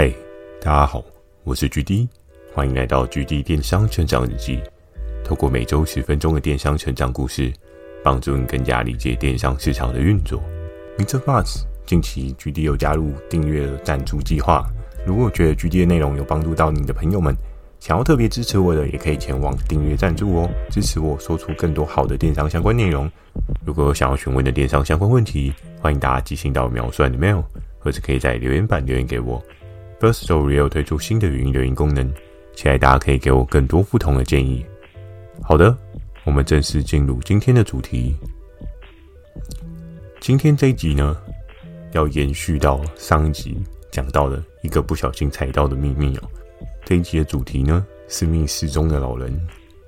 嗨，hey, 大家好，我是 G D，歡迎來到 G D 電商成長日記。透過每周十分鐘的電商成長故事，幫助你更加理解電商市場的運作。Mr. f u s 近期 G D 有加入訂閱贊助計劃。如果覺得 G D 的內容有幫助到你的朋友們，想要特別支持我的，也可以前往訂閱贊助哦，支持我說出更多好的電商相關內容。如果想要詢問的電商相關問題，歡迎大家寄信到描述的 mail，或是可以在留言板留言給我。First Story 又推出新的語音留言功能，期待大家可以給我更多不同的建議。好的，我們正式進入今天的主題。今天這一集呢，要延續到上一集講到的一個不小心踩到的秘密哦。這一集的主題呢，是密室中的老人。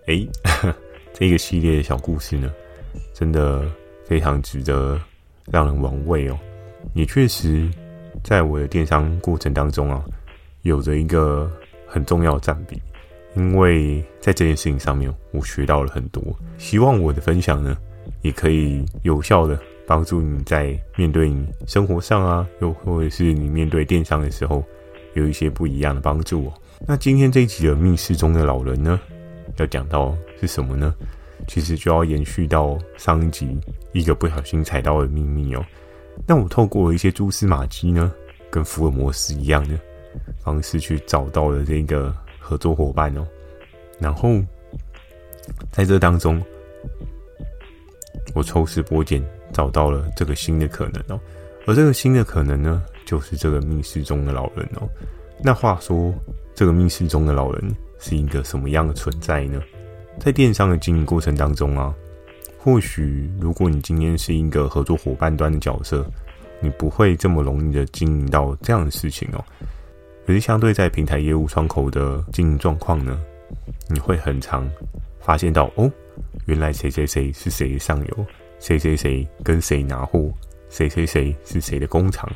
哎、欸，這個系列的小故事呢，真的非常值得讓人玩味哦，也確實。在我的電商過程當中啊，有着一個很重要的占比，因為在這件事情上面，我學到了很多。希望我的分享呢，也可以有效的幫助你在面對你生活上啊，又或者是你面對電商的時候，有一些不一樣的幫助哦。那今天這一集的密室中的老人呢，要講到是什麼呢？其實就要延續到上一集一個不小心踩到的秘密哦。那我透過一些蛛絲馬跡呢。跟福爾摩斯一樣的方式去找到了這個合作夥伴哦、喔，然後在這當中，我抽絲剝繭找到了這個新的可能哦、喔，而這個新的可能呢，就是這個密室中的老人哦、喔。那話說，這個密室中的老人是一個什麼樣的存在呢？在電商的經營過程當中啊，或許如果你今天是一個合作夥伴端的角色。你不會這麼容易的經營到這樣的事情哦。可是，相對在平台業務窗口的經營狀況呢，你會很常發現到哦，原來誰誰誰是誰的上游，誰誰誰跟誰拿貨，誰誰誰是誰的工廠。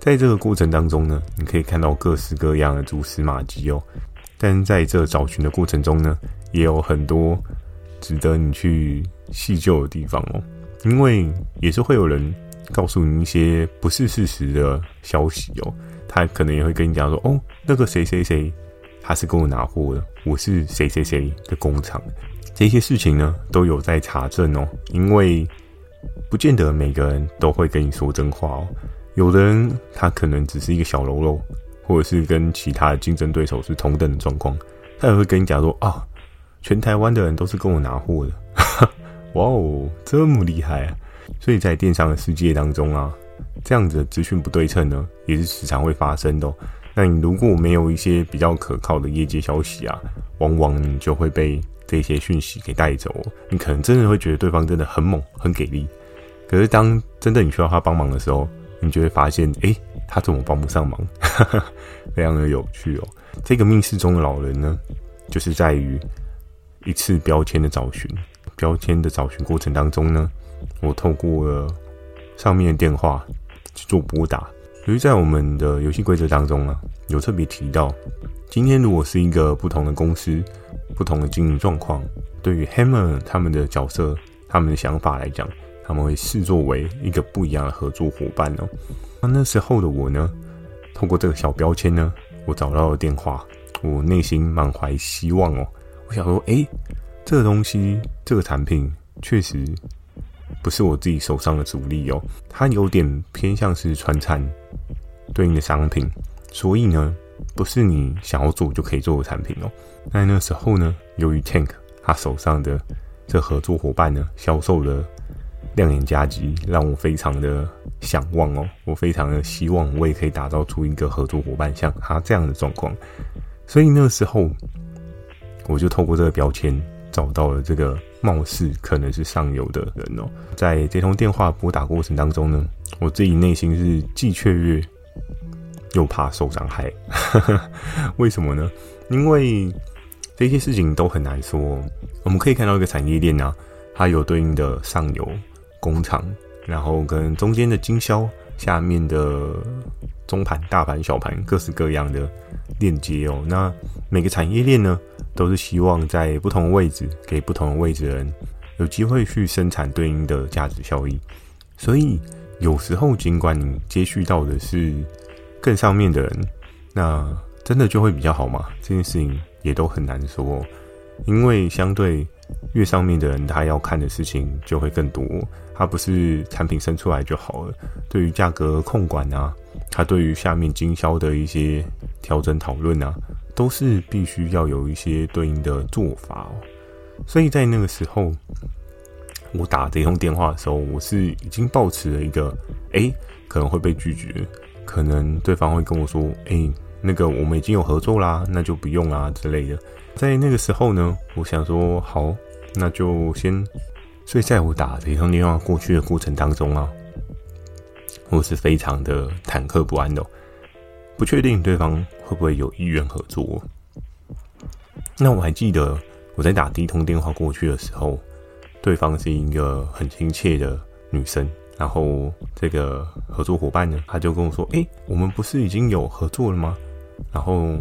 在這個過程當中呢，你可以看到各式各樣的蛛絲馬跡哦。但是在這找尋的過程中呢，也有很多值得你去細究的地方哦，因為也是會有人。告訴你一些不是事實的消息哦，他可能也會跟你講說，哦，那個誰誰誰，他是跟我拿貨的，我是誰誰誰的工廠，這些事情呢都有在查證哦，因為不見得每個人都會跟你說真話哦，有的人他可能只是一個小嘍囉，或者是跟其他競爭對手是同等的狀況，他也會跟你講說，啊，全台灣的人都是跟我拿貨的，哈哈，哇哦，這麼厲害啊！所以在電商的世界當中啊，這樣子的資訊不對稱呢，也是時常會發生的喔。那你如果沒有一些比較可靠的業界消息啊，往往你就會被這些訊息給帶走喔。你可能真的會覺得對方真的很猛、很給力，可是當真的你需要他幫忙的時候，你就會發現，欸，他怎麼幫不上忙？ 非常的有趣喔。這個密室中的老人呢，就是在於一次標籤的找尋，標籤的找尋過程當中呢。我透過了上面的電話去做撥打，由於在我們的遊戲規則當中呢、啊，有特別提到，今天如果是一個不同的公司、不同的經營狀況，對於 Hammer 他們的角色、他們的想法來講，他們會視作為一個不一樣的合作夥伴哦。那那時候的我呢，透過這個小標籤呢，我找到了電話，我內心滿懷希望哦。我想說，哎、欸，這個東西、這個產品確實。不是我自己手上的主力哦，它有點偏向是傳產對應的商品，所以呢，不是你想要做就可以做的產品哦。那那時候呢，由於 Tank 他手上的這合作夥伴呢，銷售的亮眼佳績，讓我非常的嚮往哦，我非常的希望我也可以打造出一個合作夥伴像他這樣的狀況，所以那時候我就透過這個標籤找到了這個。貌似可能是上游的人哦，在這通電話撥打過程當中呢，我自己內心是既雀躍又怕受傷害。哈哈，為什麼呢？因為這些事情都很難說。我們可以看到一個產業鏈啊，它有對應的上游工廠，然後跟中間的經銷，下面的中盤、大盤、小盤，各式各樣的鏈接哦。那每個產業鏈呢？都是希望在不同的位置給不同的位置的人有機會去生產對應的價值效益，所以有時候儘管你接續到的是更上面的人，那真的就會比較好嘛？這件事情也都很難說，因為相對越上面的人，他要看的事情就會更多，他不是產品生出來就好了。對於價格控管啊，他對於下面經銷的一些調整討論啊。都是必須要有一些對應的做法哦，所以在那個時候，我打這通電話的時候，我是已經抱持了一個、欸，誒，可能會被拒絕，可能對方會跟我說、欸，誒，那個我們已經有合作啦，那就不用啦、啊、之類的。在那個時候呢，我想說，好，那就先。所以在我打這通電話過去的過程當中啊，我是非常的忐忑不安的、哦。不確定對方會不會有意願合作。那我還記得我在打第一通電話過去的時候，對方是一個很親切的女生。然後這個合作夥伴呢，他就跟我說：“哎、欸，我們不是已經有合作了嗎？”然後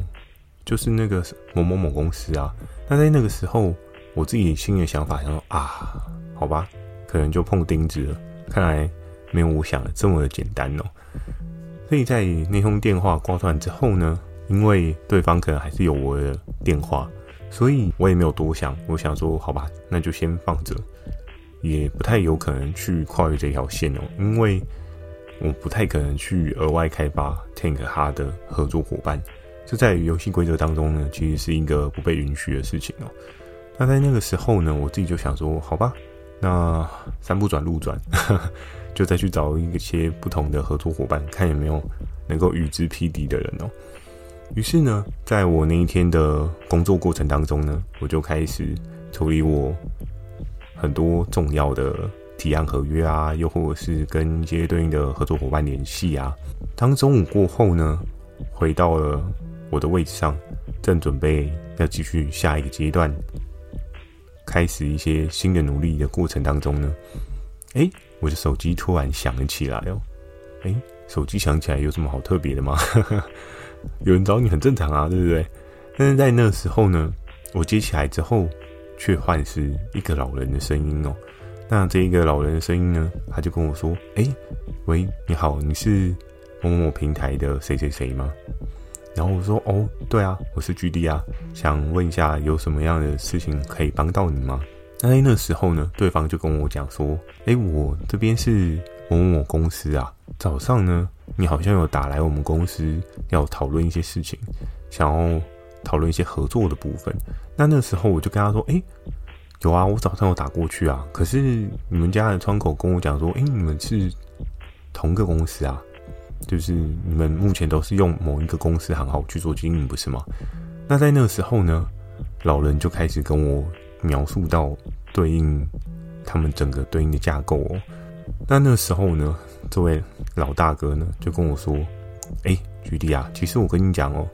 就是那個某某某公司啊。那在那個時候，我自己心裡想法想說：“啊，好吧，可能就碰釘子了。看來沒有我想的這麼的簡單哦、喔。”所以在那通電話掛斷之後呢，因為對方可能還是有我的電話，所以我也沒有多想。我想說，好吧，那就先放着，也不太有可能去跨越這條線哦，因為我不太可能去額外開發 Tanker 的合作夥伴，這在遊戲規則當中呢，其實是一個不被允許的事情哦。那在那個時候呢，我自己就想說，好吧，那山不轉路轉。 就再去找一些不同的合作夥伴，看有沒有能夠與之匹敵的人哦、喔。於是呢，在我那一天的工作過程當中呢，我就開始處理我很多重要的提案合約啊，又或者是跟一些對應的合作夥伴聯繫啊。當中午過後呢，回到了我的位置上，正準備要繼續下一個階段，開始一些新的努力的過程當中呢，誒、欸。我的手機突然響了起來哦，哎、欸，手機響起來有什麼好特別的嗎？哈哈，有人找你很正常啊，對不對？但是在那時候呢，我接起來之後，卻換是一個老人的聲音哦。那這一個老人的聲音呢，他就跟我說：“哎、欸，喂，你好，你是某某平台的誰誰誰嗎？”然後我說：“哦，對啊，我是 GD 啊，想問一下有什麼樣的事情可以幫到你嗎？”那在那時候呢，對方就跟我講說：“哎、欸，我這邊是某某公司啊，早上呢，你好像有打來我們公司，要討論一些事情，想要討論一些合作的部分。”那那時候我就跟他說：“哎、欸，有啊，我早上有打過去啊，可是你們家的窗口跟我講說，哎、欸，你們是同個公司啊，就是你們目前都是用某一個公司行號去做經營，不是嗎？”那在那時候呢，老人就開始跟我。描述到對應他們整個對應的架構哦。那那時候呢，這位老大哥呢就跟我說：“哎，舉例啊，其實我跟你講哦，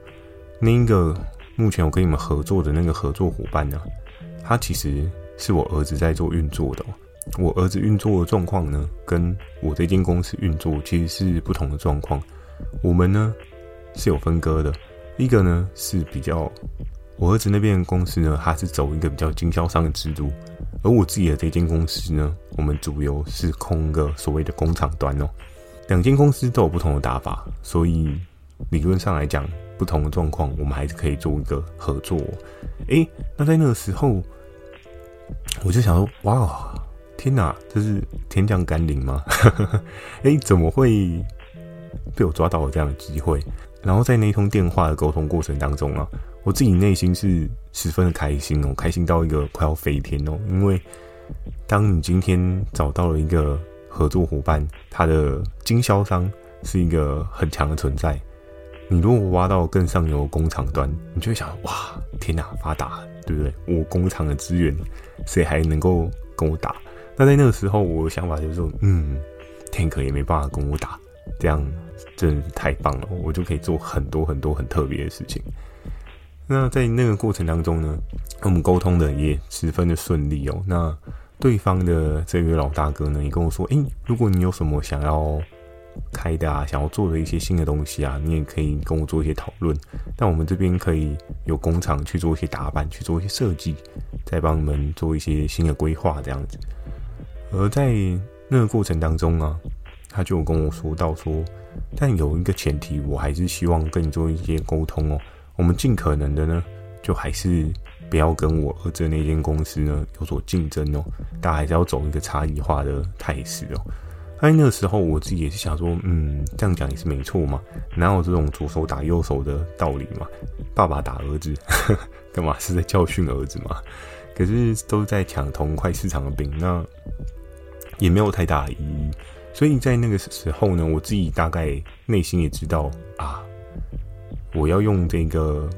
那一個目前我跟你們合作的那個合作夥伴呢、啊，他其實是我兒子在做運作的、哦。我兒子運作的狀況呢，跟我這間公司運作其實是不同的狀況。我們呢是有分割的，一個呢是比較。”我兒子那邊的公司呢，他是走一個比較經銷商的制度，而我自己的這間公司呢，我們主要是空個所謂的工廠端哦、喔。兩間公司都有不同的打法，所以理論上來講，不同的狀況，我們還是可以做一個合作、喔。誒、欸、那在那個時候，我就想說，哇，天哪、啊，這是天降甘霖嗎？誒、 欸、怎麼會被我抓到了這樣的機會？然後在那一通電話的溝通過程當中啊。我自己內心是十分的開心哦，開心到一個快要飛天哦！因為當你今天找到了一個合作夥伴，他的經銷商是一個很強的存在，你如果挖到更上游工廠端，你就會想：哇，天哪、啊，發達，對不對？我工廠的資源，誰還能夠跟我打？那在那個時候，我的想法就是說：嗯，天可也沒辦法跟我打，這樣真的是太棒了、哦，我就可以做很多很多很特別的事情。那在那個過程當中呢，跟我們溝通的也十分的順利哦。那對方的這位老大哥呢，也跟我說：“誒、欸，如果你有什麼想要開的啊，想要做的一些新的東西啊，你也可以跟我做一些討論。但我們這邊可以有工廠去做一些打板，去做一些設計，再幫你們做一些新的規劃這樣子。”而在那個過程當中呢、啊，他就跟我說到說：“但有一個前提，我還是希望跟你做一些溝通哦。”我們盡可能的呢，就還是不要跟我兒子那間公司呢有所競爭哦。但還是要走一個差異化的態勢哦。在那個時候，我自己也是想說，嗯，這樣講也是沒錯嘛。哪有這種左手打右手的道理嘛？爸爸打兒子，幹嘛是在教訓兒子嘛？可是都在搶同塊市場的餅，那也沒有太大的意義。所以在那個時候呢，我自己大概內心也知道啊。我要用這個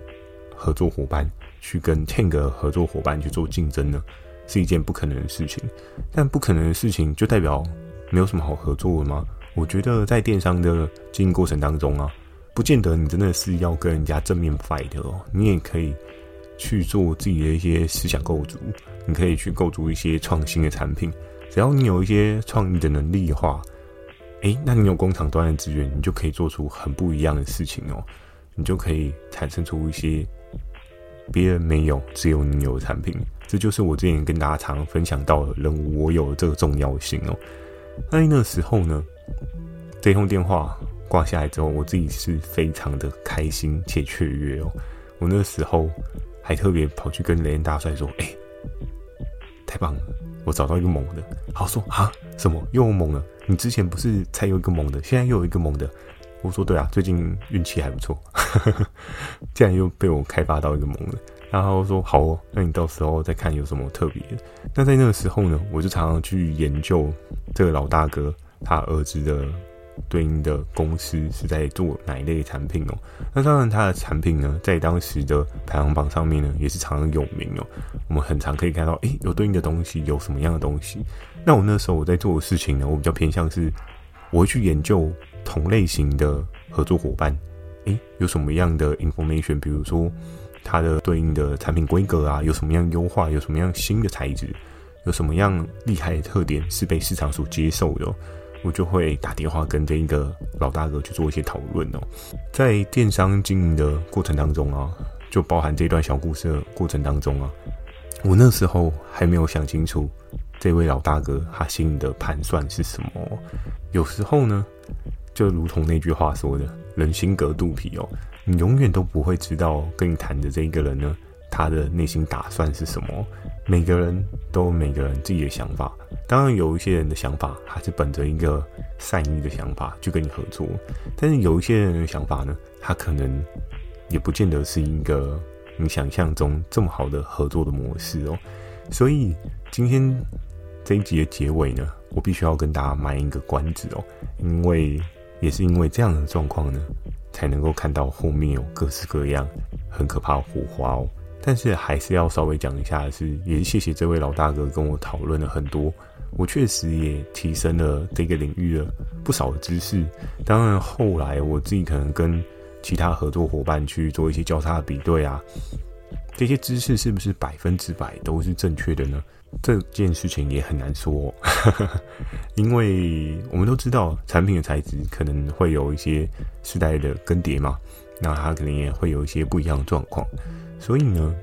合作伙伴去跟 Tank 的合作夥伴去做競爭呢，是一件不可能的事情。但不可能的事情就代表沒有什麼好合作的嗎？我覺得在電商的經營過程當中啊，不見得你真的是要跟人家正面 fight 的哦，你也可以去做自己的一些思想構築，你可以去構築一些創新的產品。只要你有一些創意的能力的話，誒、欸，那你有工廠端的資源，你就可以做出很不一樣的事情哦。你就可以產生出一些別人沒有、只有你有的產品，這就是我之前跟大家常常分享到的“人無我有”的這個重要性哦。那那時候呢，這通電話掛下來之後，我自己是非常的開心且雀躍哦。我那個時候還特別跑去跟雷恩大帥說：“哎、欸，太棒了，我找到一個猛的！”好說啊，什麼又猛了？你之前不是才有一個猛的，現在又有一個猛的。我說對啊，最近運氣還不錯，呵呵，竟然又被我開發到一個猛了。然後說好哦，那你到時候再看有什麼特別的。那在那個時候呢，我就常常去研究這個老大哥他兒子的對應的公司是在做哪一類產品哦。那當然，他的產品呢，在當時的排行榜上面呢，也是常常有名哦。我們很常可以看到，誒，有對應的東西，有什麼樣的東西。那我那時候我在做的事情呢，我比較偏向是我會去研究。同類型的合作夥伴，誒，有什麼樣的 information？比如說，它的對應的產品規格啊，有什麼樣優化，有什麼樣新的材質，有什麼樣厲害的特點是被市場所接受的，我就會打電話跟這一個老大哥去做一些討論哦。在電商經營的過程當中啊，就包含這段小故事的過程當中啊，我那時候還沒有想清楚這位老大哥他心裡的盤算是什麼。有時候呢。就如同那句話說的，“人心隔肚皮”哦，你永遠都不會知道跟你談的這一個人呢，他的內心打算是什麼。每個人都有每個人自己的想法，當然有一些人的想法還是本着一個善意的想法去跟你合作，但是有一些人的想法呢，他可能也不見得是一個你想象中這麼好的合作的模式哦。所以今天這一集的結尾呢，我必須要跟大家賣一個關子哦，因為。也是因為這樣的狀況呢，才能夠看到後面有各式各樣很可怕的火花哦。但是還是要稍微講一下的是，也是也謝謝這位老大哥跟我討論了很多，我確實也提升了這個領域的不少的知識。當然，後來我自己可能跟其他合作夥伴去做一些交叉的比對啊，這些知識是不是百分之百都是正確的呢？這件事情也很難說哦，呵呵，因為我們都知道產品的材質可能會有一些時代的更迭嘛，那它可能也會有一些不一樣的狀況。所以呢，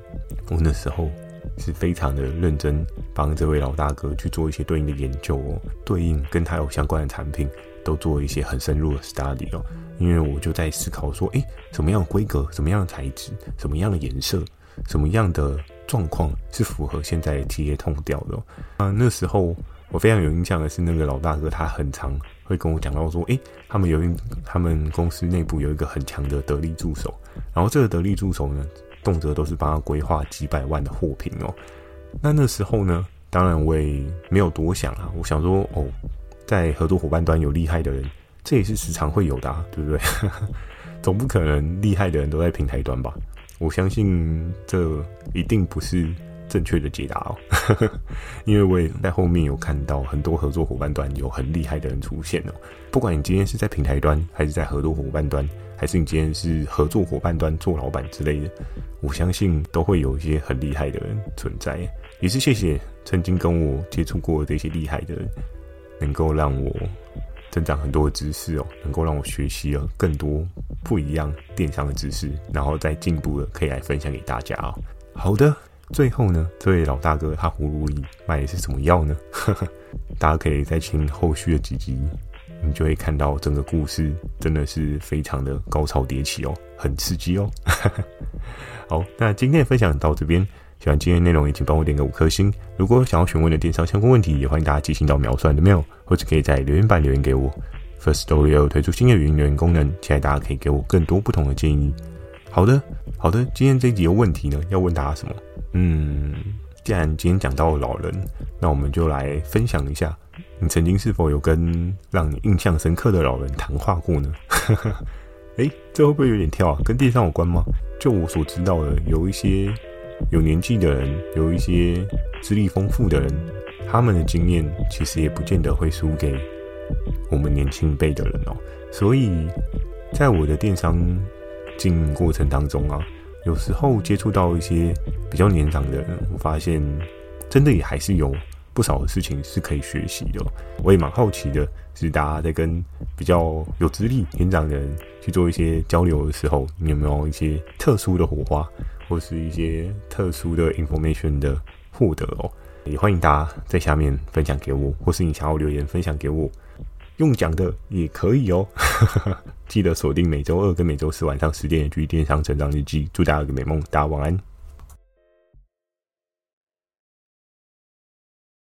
我那時候是非常的認真幫這位老大哥去做一些對應的研究哦，對應跟他有相關的產品都做一些很深入的 study 哦，因為我就在思考說，誒，什麼樣的規格，什麼樣的材質，什麼樣的顏色，什麼樣的。狀況是符合現在企業痛掉的、哦。嗯，那時候我非常有印象的是，那個老大哥他很常會跟我講到說，誒、欸，他們有一，他們公司內部有一個很強的得力助手，然後這個得力助手呢，動輒都是幫他規劃幾百萬的貨品哦。那那時候呢，當然我也沒有多想啊，我想說，哦，在合作夥伴端有厲害的人，這也是時常會有的、啊，對不對？ 總不可能厲害的人都在平台端吧？我相信這一定不是正確的解答哦，， 因為我也在後面有看到很多合作夥伴端有很厲害的人出現哦。不管你今天是在平台端，還是在合作夥伴端，還是你今天是合作夥伴端做老闆之類的，我相信都會有一些很厲害的人存在。也是謝謝曾經跟我接觸過的這些厲害的人，能夠讓我。增長很多的知識哦，能夠讓我學習了更多不一樣電商的知識，然後再進步了，可以來分享給大家啊、哦。好的，最後呢，這位老大哥他葫蘆裡賣的是什麼藥呢？ 大家可以再聽後續的幾集，你就會看到整個故事真的是非常的高潮迭起哦，很刺激哦。 好，那今天的分享到這邊。喜歡今天內容，也請幫我點個五顆星。如果想要詢問的電商相關問題，也歡迎大家寄信到描述欄的 mail，或者可以在留言板留言給我。First Story 有推出新的語音留言功能，期待大家可以給我更多不同的建議。好的，好的，今天這集的問題呢，要問大家什麼？嗯，既然今天講到老人，那我們就來分享一下你曾經是否有跟讓你印象深刻的老人談話過呢？哎， 這會不會有點跳啊？跟電商有關嗎？就我所知道的，有一些。有年紀的人，有一些資歷豐富的人，他們的經驗其實也不見得會輸給我們年輕輩的人哦。所以，在我的電商經營過程當中啊，有時候接觸到一些比較年長的人，我發現真的也還是有不少的事情是可以學習的。我也蠻好奇的是，大家在跟比較有資歷年長的人去做一些交流的時候，你有沒有一些特殊的火花？或是一些特殊的 information 的獲得哦，也歡迎大家在下面分享給我，或是你想要留言分享給我，用講的也可以哦。哈哈哈，記得鎖定每周二跟每周四晚上十點的《GD 電商成長日記》，祝大家有個美夢，大家晚安。